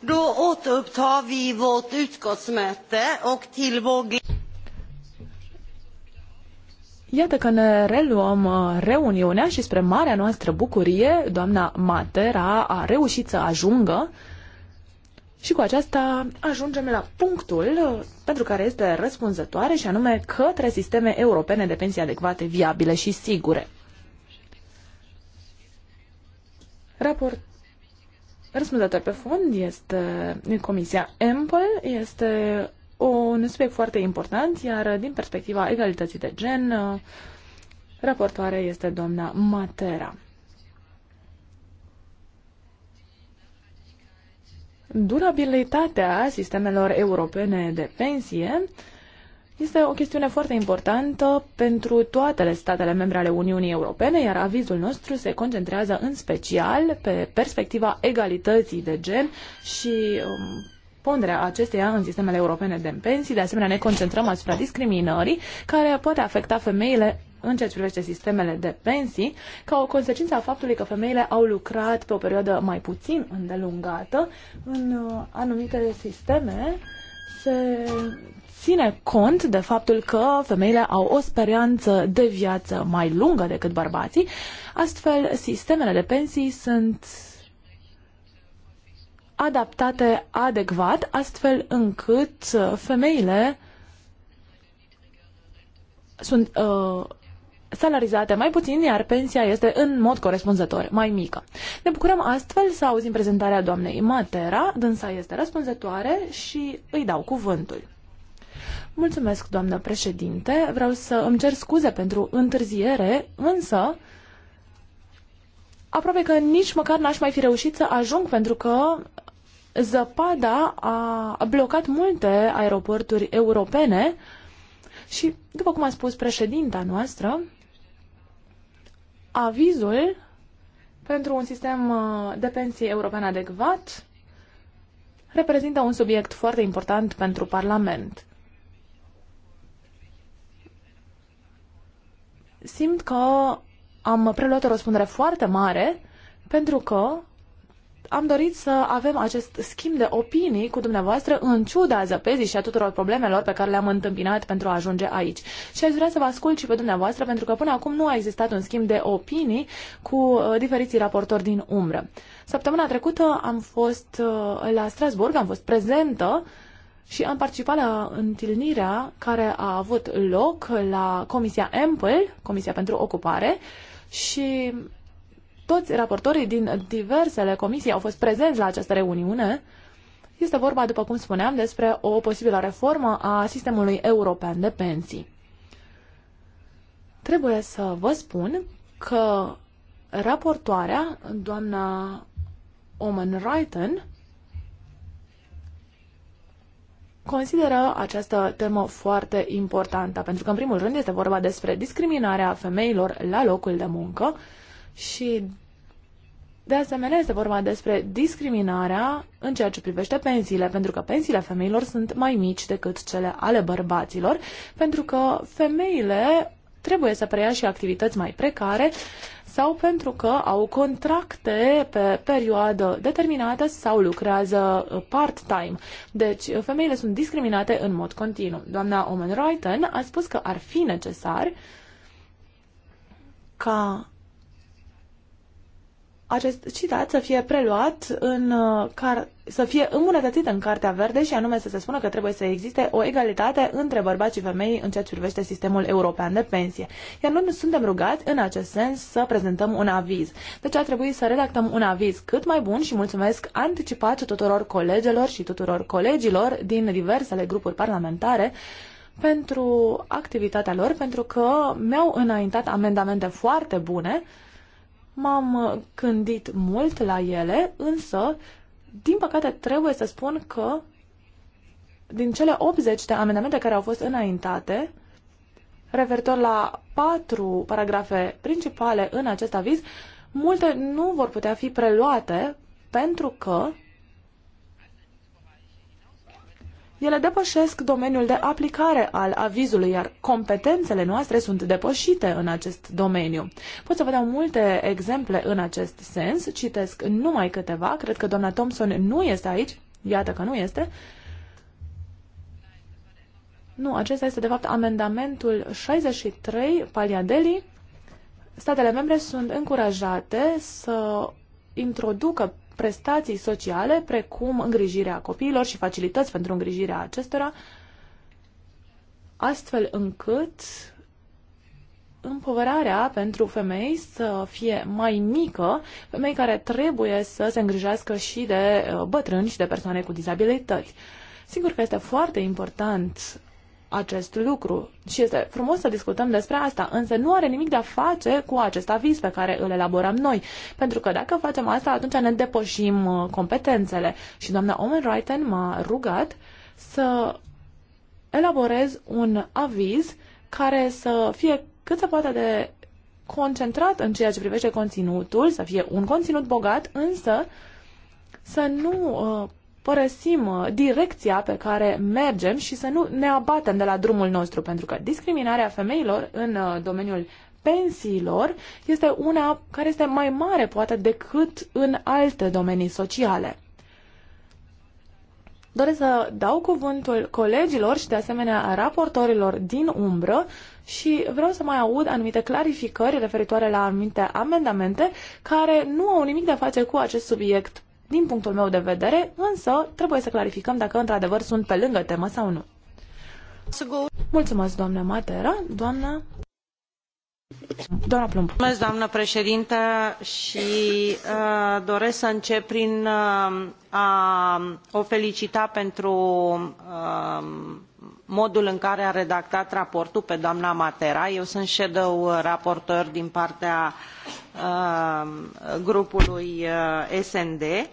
Då återupptar vi vårt utskottsmöte och till vår Iată că ne reluăm uh, reuniunea și spre marea noastră bucurie, doamna Matera a reușit să ajungă și cu aceasta ajungem la punctul uh, pentru care este răspunzătoare și anume către sisteme europene de pensii adecvate, viabile și sigure. Raport răspunzător pe fond este Comisia Ample, este un subiect foarte important, iar din perspectiva egalității de gen, raportoare este doamna Matera. Durabilitatea sistemelor europene de pensie este o chestiune foarte importantă pentru toate statele membre ale Uniunii Europene, iar avizul nostru se concentrează în special pe perspectiva egalității de gen și um, ponderea acesteia în sistemele europene de pensii. De asemenea, ne concentrăm asupra discriminării care poate afecta femeile în ceea ce privește sistemele de pensii, ca o consecință a faptului că femeile au lucrat pe o perioadă mai puțin îndelungată în uh, anumite sisteme se ține cont de faptul că femeile au o speranță de viață mai lungă decât bărbații, astfel sistemele de pensii sunt adaptate adecvat, astfel încât uh, femeile sunt uh, salarizate mai puțin, iar pensia este în mod corespunzător mai mică. Ne bucurăm astfel să auzim prezentarea doamnei Matera, dânsa este răspunzătoare și îi dau cuvântul. Mulțumesc, doamnă președinte. Vreau să îmi cer scuze pentru întârziere, însă aproape că nici măcar n-aș mai fi reușit să ajung pentru că zăpada a blocat multe aeroporturi europene și, după cum a spus președinta noastră, avizul pentru un sistem uh, de pensii european adecvat reprezintă un subiect foarte important pentru Parlament. simt că am preluat o răspundere foarte mare pentru că am dorit să avem acest schimb de opinii cu dumneavoastră în ciuda zăpezii și a tuturor problemelor pe care le-am întâmpinat pentru a ajunge aici. Și aș vrea să vă ascult și pe dumneavoastră pentru că până acum nu a existat un schimb de opinii cu uh, diferiții raportori din umbră. Săptămâna trecută am fost uh, la Strasburg, am fost prezentă și am participat la întâlnirea care a avut loc la Comisia EMPL, Comisia pentru Ocupare, și toți raportorii din diversele comisii au fost prezenți la această reuniune. Este vorba, după cum spuneam, despre o posibilă reformă a sistemului european de pensii. Trebuie să vă spun că raportoarea, doamna Omen Reiten, consideră această temă foarte importantă, pentru că, în primul rând, este vorba despre discriminarea femeilor la locul de muncă și, de asemenea, este vorba despre discriminarea în ceea ce privește pensiile, pentru că pensiile femeilor sunt mai mici decât cele ale bărbaților, pentru că femeile trebuie să preia și activități mai precare sau pentru că au contracte pe perioadă determinată sau lucrează part-time. Deci, femeile sunt discriminate în mod continuu. Doamna Omen Reuten a spus că ar fi necesar ca acest citat să fie preluat în uh, car, să fie îmbunătățit în Cartea Verde și anume să se spună că trebuie să existe o egalitate între bărbați și femei în ceea ce privește sistemul european de pensie. Iar noi suntem rugați în acest sens să prezentăm un aviz. Deci ar trebui să redactăm un aviz cât mai bun și mulțumesc anticipat tuturor colegelor și tuturor colegilor din diversele grupuri parlamentare pentru activitatea lor, pentru că mi-au înaintat amendamente foarte bune M-am uh, gândit mult la ele, însă, din păcate, trebuie să spun că din cele 80 de amendamente care au fost înaintate, referitor la patru paragrafe principale în acest aviz, multe nu vor putea fi preluate pentru că Ele depășesc domeniul de aplicare al avizului, iar competențele noastre sunt depășite în acest domeniu. Pot să vă dau multe exemple în acest sens, citesc numai câteva, cred că doamna Thompson nu este aici, iată că nu este, nu, acesta este de fapt amendamentul 63 Paliadeli. Statele membre sunt încurajate să introducă prestații sociale, precum îngrijirea copiilor și facilități pentru îngrijirea acestora, astfel încât împovărarea pentru femei să fie mai mică, femei care trebuie să se îngrijească și de uh, bătrâni și de persoane cu dizabilități. Sigur că este foarte important acest lucru. Și este frumos să discutăm despre asta, însă nu are nimic de a face cu acest aviz pe care îl elaborăm noi. Pentru că dacă facem asta, atunci ne depășim uh, competențele. Și doamna Omen Reiten m-a rugat să elaborez un aviz care să fie cât se poate de concentrat în ceea ce privește conținutul, să fie un conținut bogat, însă să nu uh, părăsim uh, direcția pe care mergem și să nu ne abatem de la drumul nostru, pentru că discriminarea femeilor în uh, domeniul pensiilor este una care este mai mare poate decât în alte domenii sociale. Doresc să dau cuvântul colegilor și de asemenea raportorilor din umbră și vreau să mai aud anumite clarificări referitoare la anumite amendamente care nu au nimic de a face cu acest subiect din punctul meu de vedere, însă trebuie să clarificăm dacă într-adevăr sunt pe lângă temă sau nu. Mulțumesc, doamna Matera. Doamna... Doamna Plumb. Mulțumesc, doamnă președintă, și uh, doresc să încep prin uh, a o felicita pentru uh, modul în care a redactat raportul pe doamna matera eu sunt uh, raportor din partea uh, grupului uh, sd i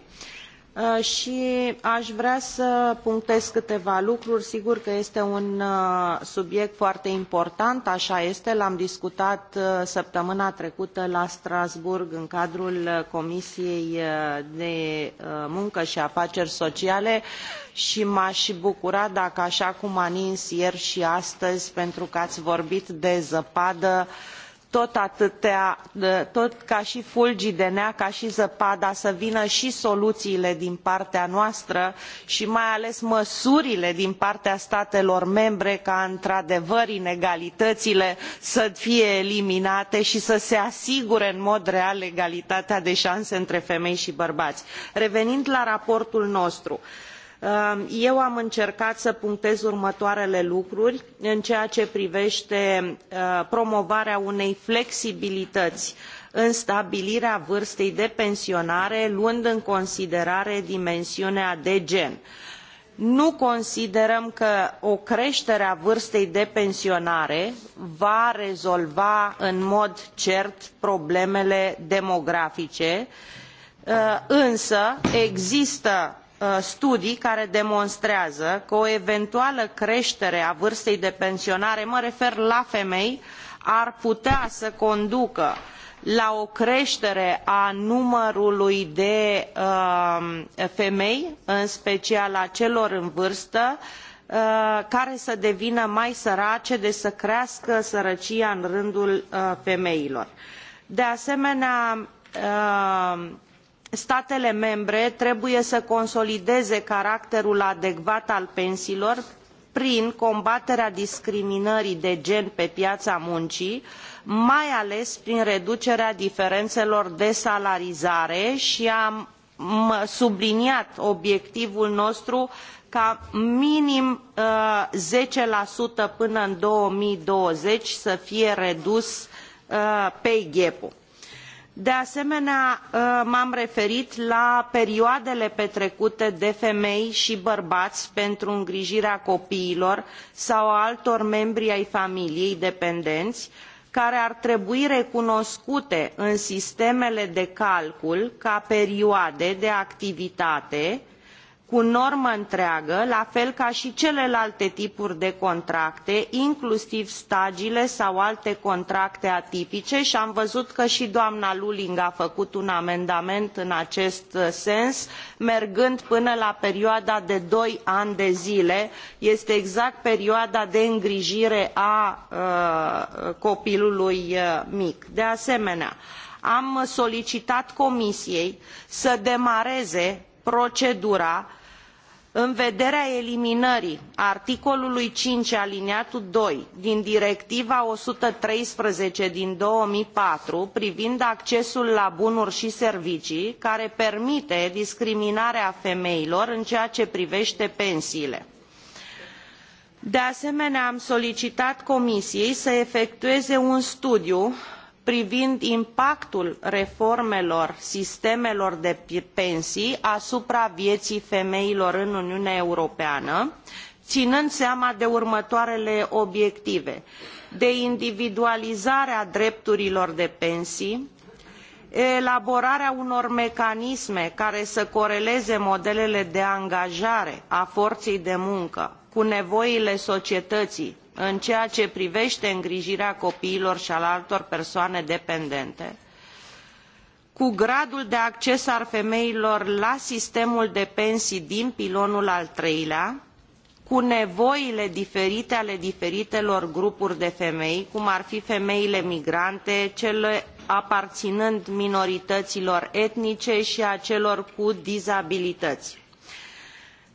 Uh, și aș vrea să punctez câteva lucruri. Sigur că este un uh, subiect foarte important, așa este, l-am discutat uh, săptămâna trecută la Strasbourg în cadrul Comisiei de Muncă și Afaceri Sociale și m a bucura dacă, așa cum a nins ieri și astăzi, pentru că ați vorbit de zăpadă, tot ca i fulgii de nea ca i zăpada să vină i soluiile din partea noastră i mai ales măsurile din partea statelor membre ca într adevăr inegalităile să fie eliminate i să se asigure în mod real egalitatea de anse între femei i bărbai. revenind la raportul nostru eu am încercat să punctez următoarele lucruri în ceea ce privete uh, promovarea unei flexibilităi în stabilirea vârstei de pensionare luând în considerare dimensiunea de gen nu considerăm că o cretere a vârstei de pensionare va rezolva în mod cert problemele demografice uh, însă există Uh, studii care demonstrează că o eventuală cretere a vârstei de pensionare mă refer la femei ar putea să conducă la o cretere a numărului de uh, femei în special a celor în vârstă uh, care să devină mai sărace deci să crească sărăcia în rândul femeilor. de asemenea statele membre trebuie să consolideze caracterul adecvat al pensiilor prin combaterea discriminării de gen pe piaa muncii mai ales prin reducerea diferenelor de salarizare i am subliniat obiectivul nostru ca minim uh, zece până în două mii douăzeci să fie redus uh, pay gap ul de asemenea uh, m am referit la perioadele petrecute de femei i bărbai pentru îngrijirea copiilor sau a altor membri ai familiei dependeni care ar trebui recunoscute în sistemele de calcul ca perioade de activitate i cu normă întreagă la fel ca i celelalte tipuri de contracte inclusiv stagiile sau alte contracte atipice i am văzut că i doamna lulling a făcut un amendament în acest sens mergând până la perioada de doi ani de zile este exact perioada de îngrijire a uh, copilului uh, mic. de asemenea am solicitat comisiei să demareze procedura în vederea eliminării articolului cinci alineatul doi din directiva o sută treisprezece două mii patru privind accesul la bunuri i servicii care permite discriminarea femeilor în ceea ce privete pensiile. de asemenea am solicitat comisiei să efectueze un studiu privind impactul reformelor sistemelor de pensii asupra vieii femeilor în uniunea europeană inând seama de următoarele obiective de individualizarea drepturilor de pensii elaborarea unor mecanisme care să coreleze modelele de angajare a forei de muncă cu nevoile societăii în ceea ce privește îngrijirea copiilor și al altor persoane dependente, cu gradul de acces al femeilor la sistemul de pensii din pilonul al treilea, cu nevoile diferite ale diferitelor grupuri de femei, cum ar fi femeile migrante, cele aparținând minorităților etnice și acelor cu dizabilități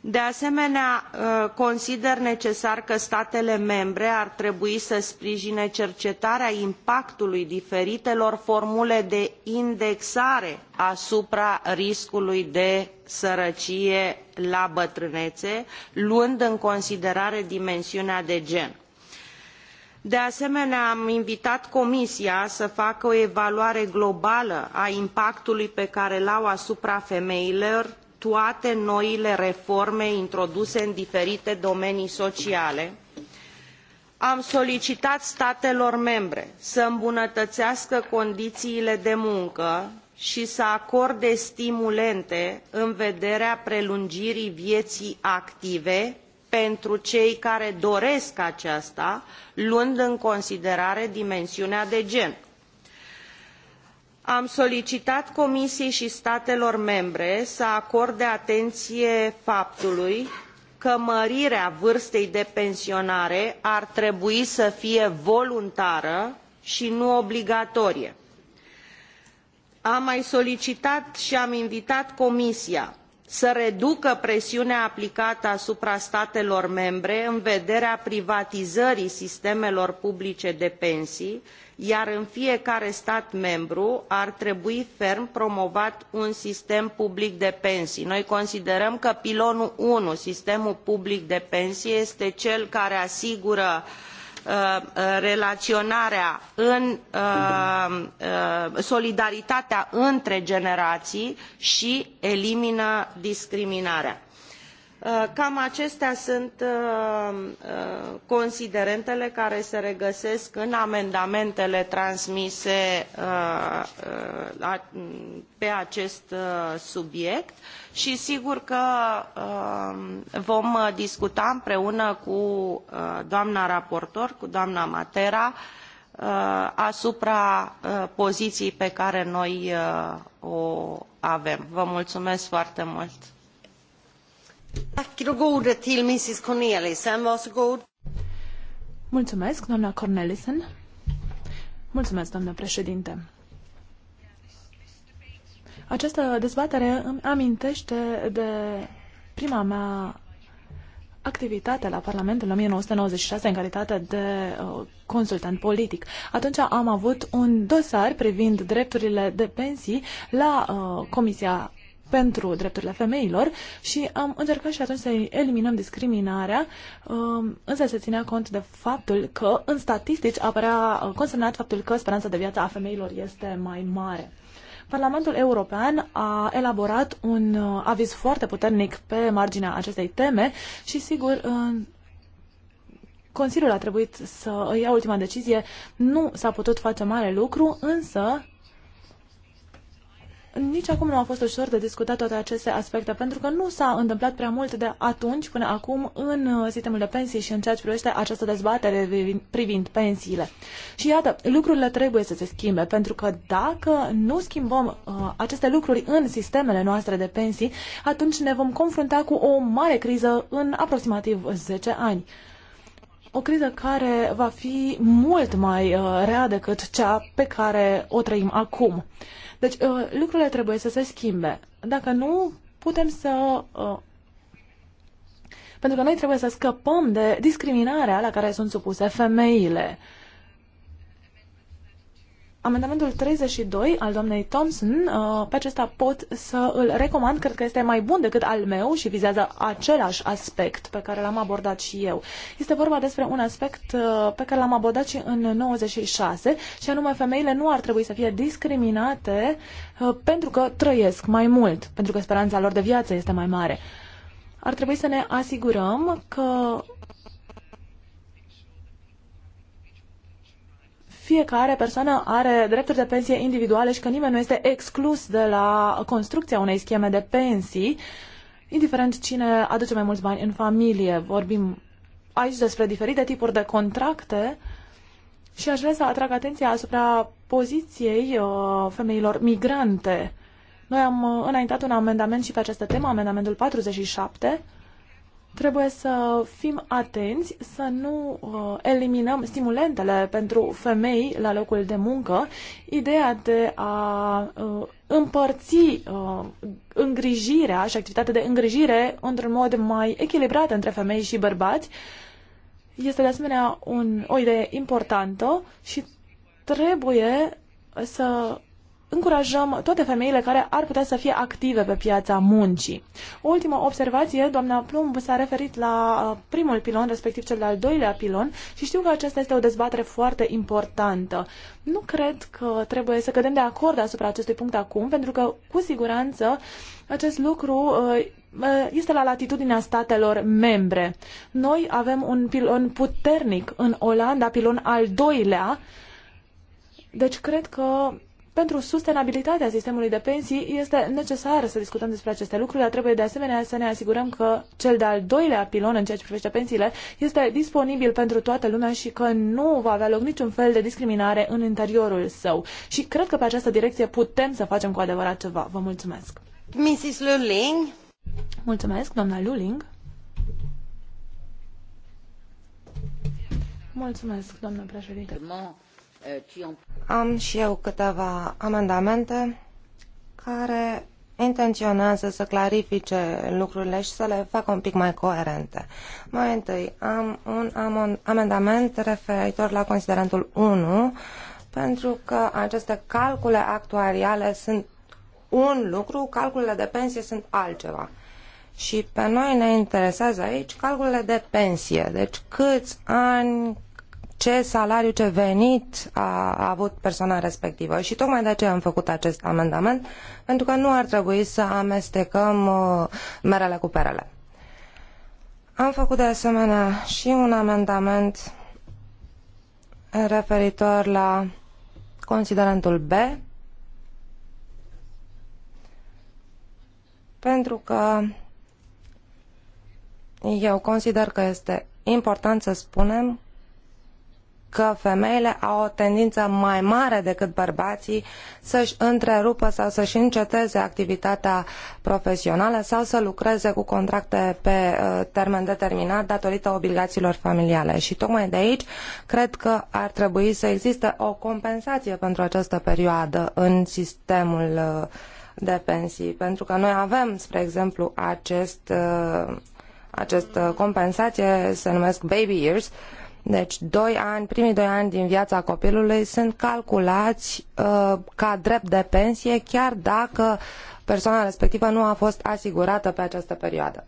de asemenea ă, consider necesar că statele membre ar trebui să sprijine cercetarea impactului diferitelor formule de indexare asupra riscului de sărăcie la bătrânețe luând în considerare dimensiunea de gen de asemenea am invitat comisia să facă o evaluare globală a impactului pe care îl au asupra femeilor toate noile reforme introduse în diferite domenii sociale am solicitat statelor membre să îmbunătăească condiiile de muncă i să acorde stimulente în vederea prelungirii vieii active pentru cei care doresc aceasta luând în considerare dimensiunea de gen am solicitat comisiei i statelor membre să acorde atenie faptului că mărirea vârstei de pensionare ar trebui să fie voluntară i nu obligatorie. am mai solicitat i am invitat comisia să reducă presiunea aplicată asupra statelor membre în vederea privatizării sistemelor publice de pensii i iar în fiecare stat membru ar trebui ferm promovat un sistem public de pensii. noi considerăm că pilonul unu sistemul public de pensii este cel care asigură uh, relaionarea uh, uh, solidaritatea între generaii i elimină discriminarea Uh, cam acestea sunt uh, uh, considerentele care se regăsesc în amendamentele transmise pe acest subiect și sigur că vom discuta împreună cu doamna raportor, cu doamna Matera, asupra poziției pe care noi o avem. Vă mulțumesc foarte mult! Mulțumesc, doamna Cornelissen. Mulțumesc, doamnă președinte. Această dezbatere îmi amintește de prima mea activitate la Parlamentul în 1996 în calitate de uh, consultant politic. Atunci am avut un dosar privind drepturile de pensii la uh, Comisia pentru drepturile femeilor și am încercat și atunci să eliminăm discriminarea, um, însă se ținea cont de faptul că în statistici apărea uh, consemnat faptul că speranța de viață a femeilor este mai mare. Parlamentul European a elaborat un uh, aviz foarte puternic pe marginea acestei teme și, sigur, uh, Consiliul a trebuit să ia ultima decizie. Nu s-a putut face mare lucru, însă nici acum nu a fost ușor de discutat toate aceste aspecte, pentru că nu s-a întâmplat prea mult de atunci până acum în uh, sistemul de pensii și în ceea ce privește această dezbatere privind pensiile. Și iată, lucrurile trebuie să se schimbe, pentru că dacă nu schimbăm uh, aceste lucruri în sistemele noastre de pensii, atunci ne vom confrunta cu o mare criză în aproximativ 10 ani o criză care va fi mult mai uh, rea decât cea pe care o trăim acum. Deci uh, lucrurile trebuie să se schimbe. Dacă nu, putem să. Uh, pentru că noi trebuie să scăpăm de discriminarea la care sunt supuse femeile. Uh, Amendamentul 32 al doamnei Thompson, uh, pe acesta pot să îl recomand, cred că este mai bun decât al meu și vizează același aspect pe care l-am abordat și eu. Este vorba despre un aspect uh, pe care l-am abordat și în 96 și anume femeile nu ar trebui să fie discriminate uh, pentru că trăiesc mai mult, pentru că speranța lor de viață este mai mare. Ar trebui să ne asigurăm că fiecare persoană are drepturi de pensie individuale și că nimeni nu este exclus de la construcția unei scheme de pensii, indiferent cine aduce mai mulți bani în familie. Vorbim aici despre diferite tipuri de contracte și aș vrea să atrag atenția asupra poziției uh, femeilor migrante. Noi am uh, înaintat un amendament și pe această temă, amendamentul 47, trebuie să fim atenți să nu uh, eliminăm stimulentele pentru femei la locul de muncă, ideea de a uh, împărți uh, îngrijirea și activitatea de îngrijire într-un mod mai echilibrat între femei și bărbați este de asemenea un, o idee importantă și trebuie să încurajăm toate femeile care ar putea să fie active pe piața muncii. O ultimă observație, doamna Plumb s-a referit la uh, primul pilon, respectiv cel de-al doilea pilon și știu că aceasta este o dezbatere foarte importantă. Nu cred că trebuie să cădem de acord asupra acestui punct acum, pentru că cu siguranță acest lucru uh, uh, este la latitudinea statelor membre. Noi avem un pilon puternic în Olanda, pilon al doilea, deci cred că pentru sustenabilitatea sistemului de pensii este necesar să discutăm despre aceste lucruri, dar trebuie de asemenea să ne asigurăm că cel de-al doilea pilon în ceea ce privește pensiile este disponibil pentru toată lumea și că nu va avea loc niciun fel de discriminare în interiorul său. Și cred că pe această direcție putem să facem cu adevărat ceva. Vă mulțumesc! Mrs. Luling. Mulțumesc, doamna Luling. Mulțumesc, doamna președinte. Am și eu câteva amendamente care intenționează să clarifice lucrurile și să le facă un pic mai coerente. Mai întâi, am un amendament referitor la considerentul 1, pentru că aceste calcule actuariale sunt un lucru, calculele de pensie sunt altceva. Și pe noi ne interesează aici calculele de pensie, deci câți ani, ce salariu, ce venit a, a avut persoana respectivă. Și tocmai de aceea am făcut acest amendament, pentru că nu ar trebui să amestecăm uh, merele cu perele. Am făcut de asemenea și un amendament referitor la considerentul B, pentru că eu consider că este important să spunem că femeile au o tendință mai mare decât bărbații să-și întrerupă sau să-și înceteze activitatea profesională sau să lucreze cu contracte pe uh, termen determinat datorită obligațiilor familiale. Și tocmai de aici cred că ar trebui să existe o compensație pentru această perioadă în sistemul uh, de pensii, pentru că noi avem, spre exemplu, acest, uh, această compensație, se numesc baby years, deci, doi ani, primii doi ani din viața copilului sunt calculați uh, ca drept de pensie, chiar dacă persoana respectivă nu a fost asigurată pe această perioadă.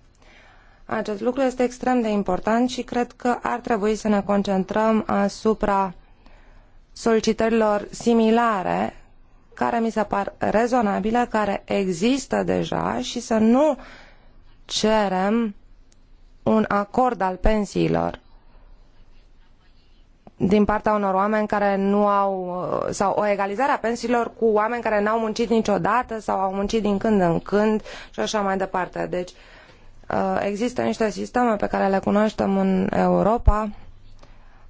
Acest lucru este extrem de important și cred că ar trebui să ne concentrăm asupra solicitărilor similare care mi se par rezonabile, care există deja și să nu cerem un acord al pensiilor din partea unor oameni care nu au, sau o egalizare a pensiilor cu oameni care n-au muncit niciodată sau au muncit din când în când și așa mai departe. Deci uh, există niște sisteme pe care le cunoaștem în Europa,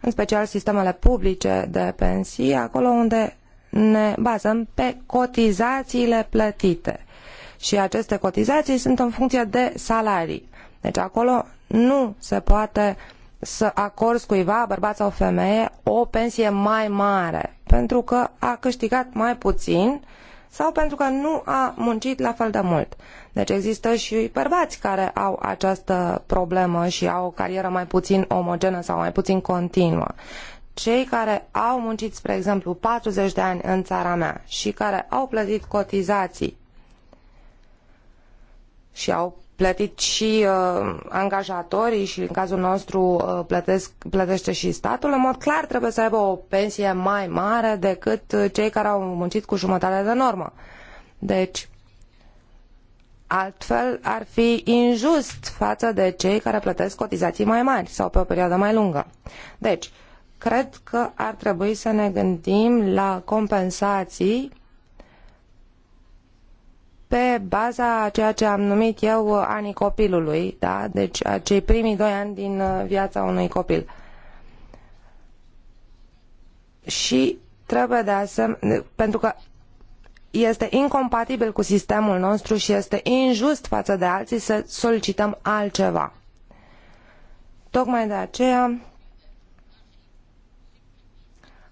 în special sistemele publice de pensii, acolo unde ne bazăm pe cotizațiile plătite. Și aceste cotizații sunt în funcție de salarii. Deci acolo nu se poate uh, să acorzi cuiva, bărbat sau femeie, o pensie mai mare pentru că a câștigat mai puțin sau pentru că nu a muncit la fel de mult. Deci există și bărbați care au această problemă și au o carieră mai puțin omogenă sau mai puțin continuă. Cei care au muncit, spre exemplu, 40 de ani în țara mea și care au plătit cotizații și au plătit și uh, angajatorii și în cazul nostru uh, plătesc, plătește și statul, în mod clar trebuie să aibă o pensie mai mare decât uh, cei care au muncit cu jumătate de normă. Deci, altfel ar fi injust față de cei care plătesc cotizații mai mari sau pe o perioadă mai lungă. Deci, cred că ar trebui să ne gândim la compensații pe baza a ceea ce am numit eu anii copilului, da? deci acei primii doi ani din uh, viața unui copil. Și trebuie de asemenea, pentru că este incompatibil cu sistemul nostru și este injust față de alții să solicităm altceva. Tocmai de aceea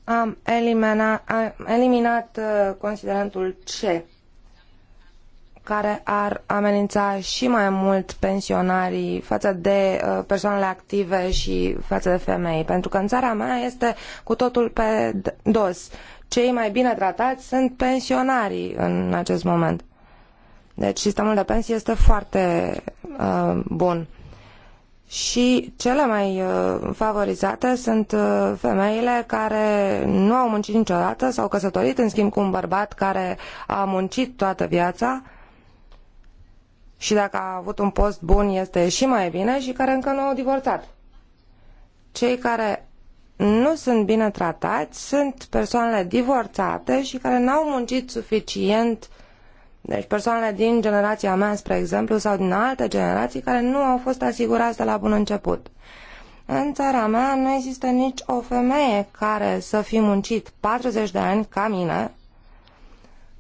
am am eliminat uh, considerentul C care ar amenința și mai mult pensionarii față de uh, persoanele active și față de femei. Pentru că în țara mea este cu totul pe dos. Cei mai bine tratați sunt pensionarii în acest moment. Deci sistemul de pensii este foarte uh, bun. Și cele mai uh, favorizate sunt uh, femeile care nu au muncit niciodată, s-au căsătorit în schimb cu un bărbat care a muncit toată viața și dacă a avut un post bun este și mai bine și care încă nu au divorțat. Cei care nu sunt bine tratați sunt persoanele divorțate și care n-au muncit suficient deci persoanele din generația mea, spre exemplu, sau din alte generații care nu au fost asigurați de la bun început. În țara mea nu există nici o femeie care să fi muncit 40 de ani ca mine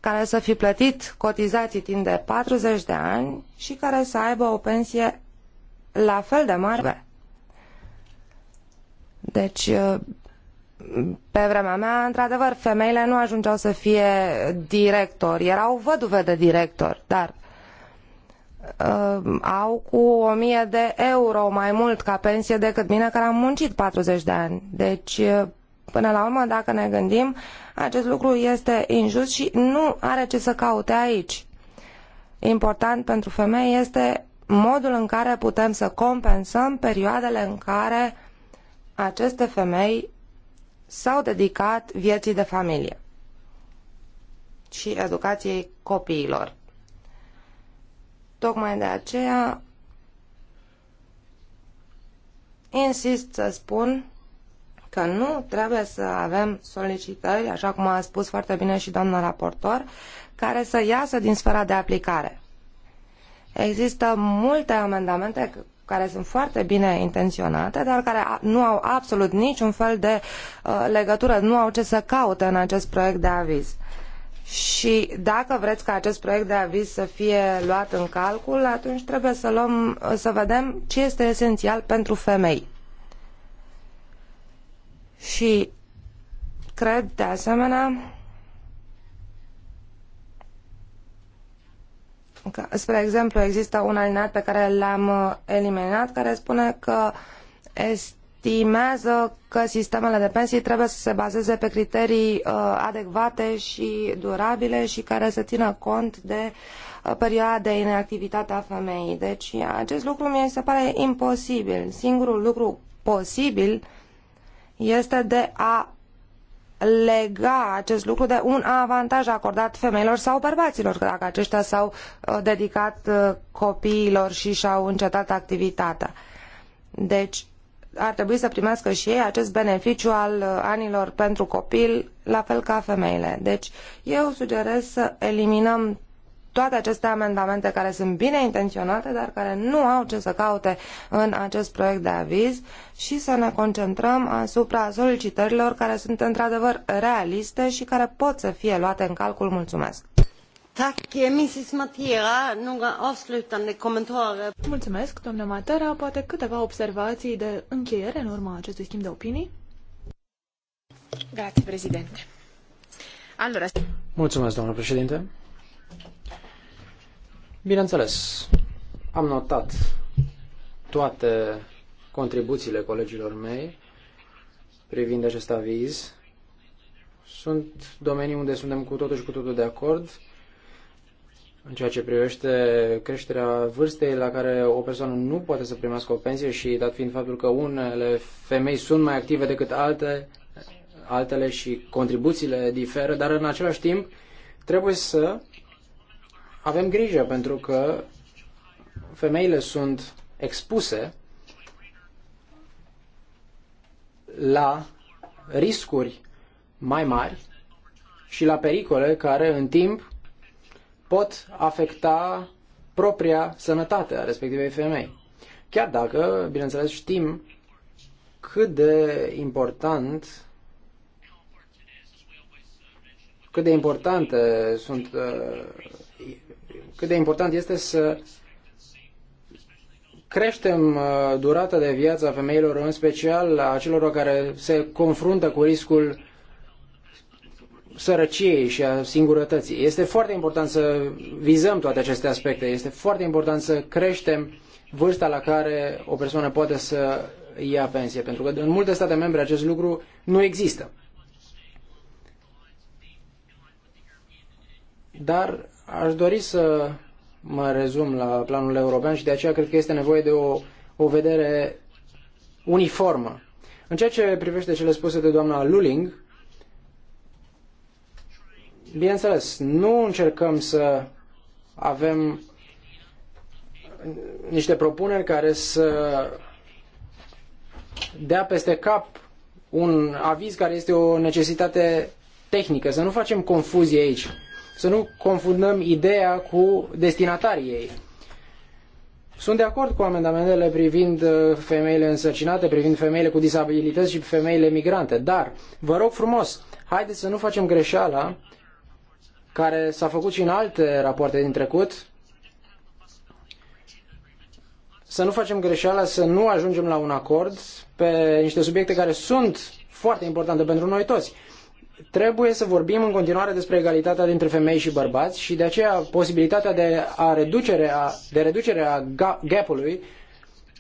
care să fi plătit cotizații timp de 40 de ani și care să aibă o pensie la fel de mare. Deci, uh, pe vremea mea, într-adevăr, femeile nu ajungeau să fie directori, erau văduve de directori, dar uh, au cu 1000 de euro mai mult ca pensie decât mine care am muncit 40 de ani. Deci, uh, Până la urmă, dacă ne gândim, acest lucru este injust și nu are ce să caute aici. Important pentru femei este modul în care putem să compensăm perioadele în care aceste femei s-au dedicat vieții de familie și educației copiilor. Tocmai de aceea insist să spun că nu trebuie să avem solicitări, așa cum a spus foarte bine și doamna raportor, care să iasă din sfera de aplicare. Există multe amendamente care sunt foarte bine intenționate, dar care nu au absolut niciun fel de uh, legătură, nu au ce să caute în acest proiect de aviz. Și dacă vreți ca acest proiect de aviz să fie luat în calcul, atunci trebuie să, luăm, să vedem ce este esențial pentru femei. Și cred de asemenea spre exemplu, există un alineat pe care l-am uh, eliminat care spune că estimează că sistemele de pensii trebuie să se bazeze pe criterii uh, adecvate și durabile și care să țină cont de uh, perioada de inactivitate a femeii. Deci acest lucru mi se pare imposibil. Singurul lucru posibil uh, este de a lega acest lucru de un avantaj acordat femeilor sau bărbaților, dacă aceștia s-au uh, dedicat uh, copiilor și și-au încetat activitatea. Deci, ar trebui să primească și ei acest beneficiu al uh, anilor pentru copil, la fel ca femeile. Deci, eu sugerez să eliminăm toate aceste amendamente care sunt bine intenționate, dar care nu au ce să caute în acest proiect de aviz și să ne concentrăm asupra solicitărilor care sunt într-adevăr realiste și care pot să fie luate în calcul. Mulțumesc! Eh, Mulțumesc, domnule Matera. Poate câteva observații de încheiere în urma acestui schimb de opinii? Grazie, președinte. Allora... Mulțumesc, domnule președinte. Bineînțeles, am notat toate contribuțiile colegilor mei privind acest aviz. Sunt domenii unde suntem cu totul și cu totul de acord în ceea ce privește creșterea vârstei la care o persoană nu poate să primească o pensie și dat fiind faptul că unele femei sunt mai active decât alte, altele și contribuțiile diferă, dar în același timp trebuie să avem grijă pentru că femeile sunt expuse la riscuri mai mari și la pericole care în timp pot afecta propria sănătate a respectivei femei. Chiar dacă, bineînțeles, știm cât de important cât de importante sunt uh, cât de important este să creștem uh, durata de viață a femeilor, în special a celor care se confruntă cu riscul sărăciei și a singurătății. Este foarte important să vizăm toate aceste aspecte. Este foarte important să creștem vârsta la care o persoană poate să ia pensie, pentru că în multe state membre acest lucru nu există. Dar Aș dori să mă rezum la planul european și de aceea cred că este nevoie de o, o vedere uniformă. În ceea ce privește cele spuse de doamna Luling, bineînțeles, nu încercăm să avem niște propuneri care să dea peste cap un aviz care este o necesitate tehnică, să nu facem confuzie aici să nu confundăm ideea cu destinatarii ei. Sunt de acord cu amendamentele privind uh, femeile însărcinate, privind femeile cu disabilități și femeile migrante, dar vă rog frumos, haideți să nu facem greșeala care s-a făcut și în alte rapoarte din trecut, să nu facem greșeala, să nu ajungem la un acord pe niște subiecte care sunt foarte importante pentru noi toți. Trebuie să vorbim în continuare despre egalitatea dintre femei și bărbați și de aceea posibilitatea de a reducere a, de reducere a gapului,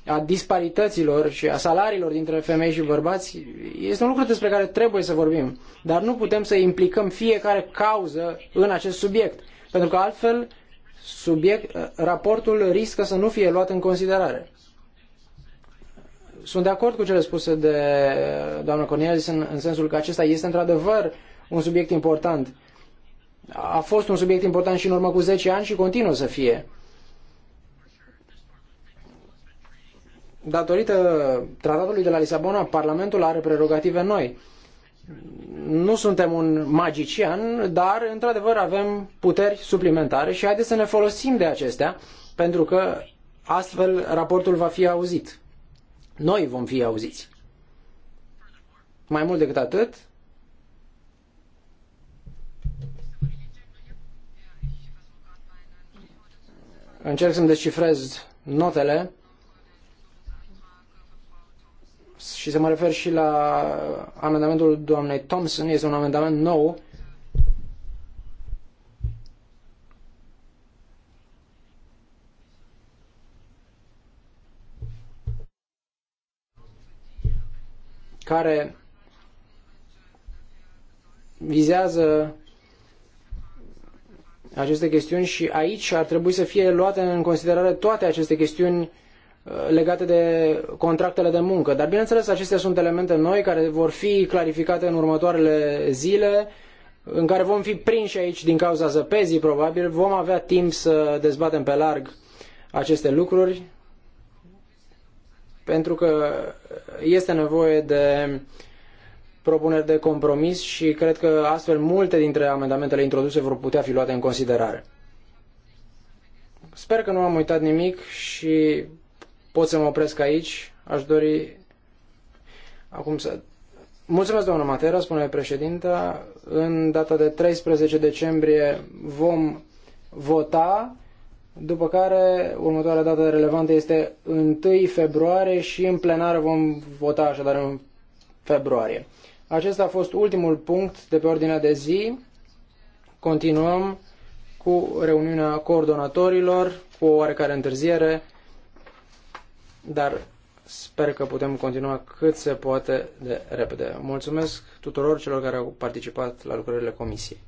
a disparităților și a salariilor dintre femei și bărbați este un lucru despre care trebuie să vorbim, dar nu putem să implicăm fiecare cauză în acest subiect, pentru că altfel subiect, raportul riscă să nu fie luat în considerare. Sunt de acord cu cele spuse de uh, doamna Cornelis în, în sensul că acesta este într-adevăr un subiect important. A fost un subiect important și în urmă cu 10 ani și continuă să fie. Datorită tratatului de la Lisabona, Parlamentul are prerogative noi. Nu suntem un magician, dar într-adevăr avem puteri suplimentare și haideți să ne folosim de acestea, pentru că astfel raportul va fi auzit. Noi vom fi auziți. Mai mult decât atât, încerc să-mi descifrez notele și să mă refer și la amendamentul doamnei Thompson, este un amendament nou care vizează aceste chestiuni și aici ar trebui să fie luate în considerare toate aceste chestiuni uh, legate de contractele de muncă. Dar bineînțeles, acestea sunt elemente noi care vor fi clarificate în următoarele zile, în care vom fi prinși aici din cauza zăpezii, probabil. Vom avea timp să dezbatem pe larg aceste lucruri pentru că este nevoie de propuneri de compromis și cred că astfel multe dintre amendamentele introduse vor putea fi luate în considerare. Sper că nu am uitat nimic și pot să mă opresc aici. Aș dori acum să... Mulțumesc, doamnă Matera, spune președinta. În data de 13 decembrie vom vota după care următoarea dată relevantă este 1 februarie și în plenară vom vota așadar în februarie. Acesta a fost ultimul punct de pe ordinea de zi. Continuăm cu reuniunea coordonatorilor cu o oarecare întârziere, dar sper că putem continua cât se poate de repede. Mulțumesc tuturor celor care au participat la lucrările comisiei.